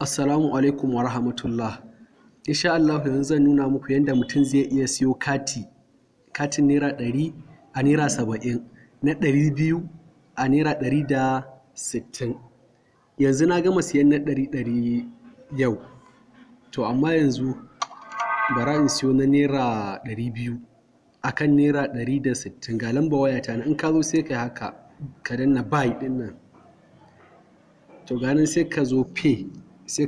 Assalamu alaikum wa rahmatullah. Insha Allah yanzu zan nuna muku yadda mutum zai iya siyo kati, katin naira ɗari a naira saba'in, na ɗari biyu a naira ɗari da sittin. Yanzu na gama siyan na ɗari ɗari yau, to amma yanzu bara in siyo na naira ɗari biyu a kan naira ɗari da sittin ga lamba wayata na in ka zo sai ka haka ka danna bai ɗin nan. To ganin sai ka zo pay sai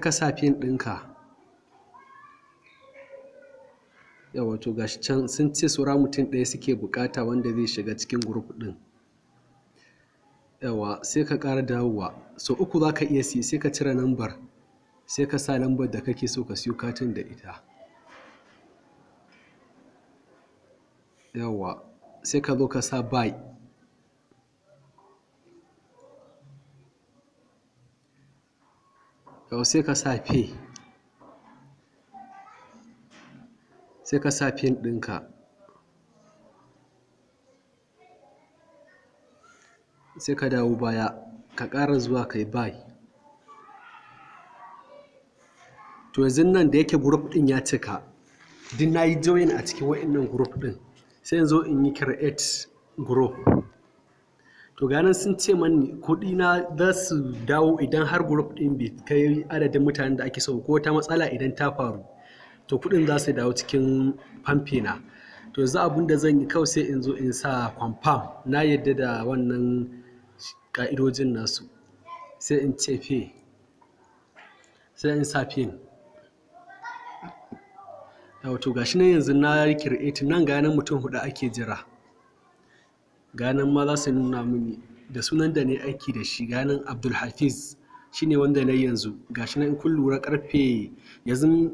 ka sa fin ɗinka yawa to gashi can sun ce tsura mutum ɗaya suke bukata wanda zai shiga cikin guruf ɗin yawa sai ka ƙara dawowa so uku za ka iya siya sai ka cire lambar sai ka sa lambar da kake so ka siyo katin da ita yawa sai ka zo ka sa buy yau sai ka sa fe sai ka sa ɗinka sai ka dawo baya ka ƙara zuwa kai bai to yanzu nan da yake group ɗin ya cika din na yi join a cikin waɗannan group ɗin sai yanzu in yi create group to ganin sun ce mani kuɗi na za su dawo idan har group din bai kai adadin mutanen da ake so ko ta matsala idan ta faru to kudin za su dawo cikin famfe na to yanzu abin da zan yi kawai sai in zo in sa confirm na yadda da wannan ka'idojin nasu sai in ce fe sai in sa fin wato gashi nan yanzu na create nan ga nan mutum hudu ake jira ganin ma za su nuna mini da sunan da na aiki da shi ganin abdulhafiz shine wanda na yanzu Ga gashi in kun lura karfe yanzu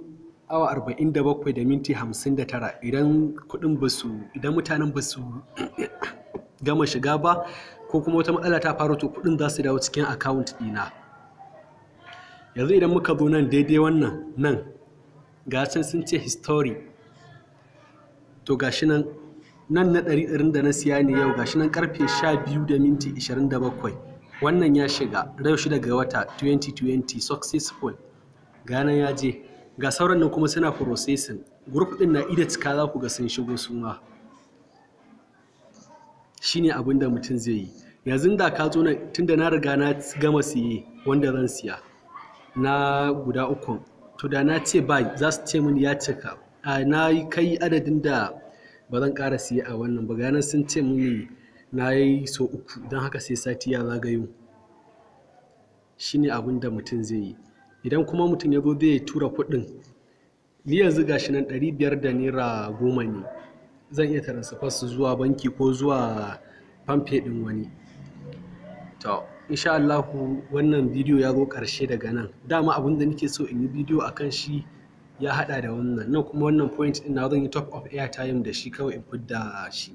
awa 47 da minti 59 idan kudin basu idan mutanen ba su gama shiga ba ko kuma wata matsala ta faru to kudin za su dawo cikin account dina yanzu idan muka zo nan daidai wannan nan can sun ce history to ga shi nan nan na ɗari da na siya ne yau gashi nan karfe sha biyu da minti ishirin da bakwai wannan ya shiga rau shi daga wata 2020 successful gana ya je ga sauran nan kuma suna processing group din na ida cika za ku ga sun shigo su ma shine abin da mutum zai yi yanzu da ka zo nan tunda na riga na gama siye wanda zan siya na guda uku to da na ce ba za su ce mini ya cika na kai adadin da ba zan ƙara siya a wannan ba ganin sun ce muni na yi sau uku don haka sai sati ya zagayo shi ne abin da mutum zai yi idan kuma mutum ya zo ya tura kuɗin ni yanzu shi nan ɗari biyar da naira goma ne zan iya transfer su zuwa banki ko zuwa famfe ɗin wani to insha wannan bidiyo ya zo ƙarshe daga nan dama abin da nake so in yi bidiyo akan shi ya haɗa da wannan nan kuma wannan point ɗin na zan yi top of airtime da shi kawai in fidda shi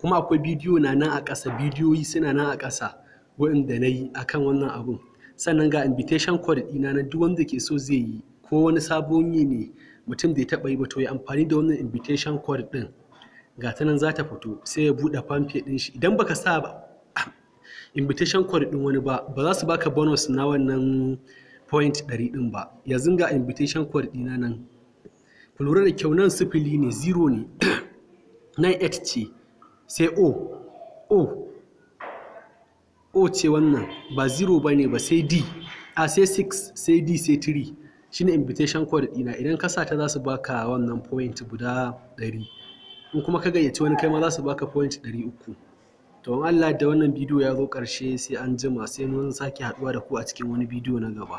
kuma akwai bidiyo na nan a ƙasa bidiyoyi suna nan a ƙasa da na yi a kan wannan abun sannan ga invitation code ɗina na duk wanda ke so zai yi ko wani sabon yi ne mutum da ya taɓa yi ba to ya amfani da wannan invitation code ɗin ga ta nan za ta fito sai ya buɗe fanfe ɗin shi idan baka sa ba invitation code ɗin wani ba ba za su baka bonus na wannan point ɗari ɗin ba yanzu ga invitation code ɗina nan ku lura da kyau nan sifili ne zero ne nan x ce sai o o o ce wannan ba zero ba ne ba sai d a sai 6 sai d sai 3 ne invitation code ɗina idan ka ta za su baka wannan point guda ɗari in kuma ka gayyaci wani kai ma za su baka point uku. to Allah da wannan bidiyo ya zo ƙarshe sai an jima sai mun sake haɗuwa da ku a cikin wani bidiyo na gaba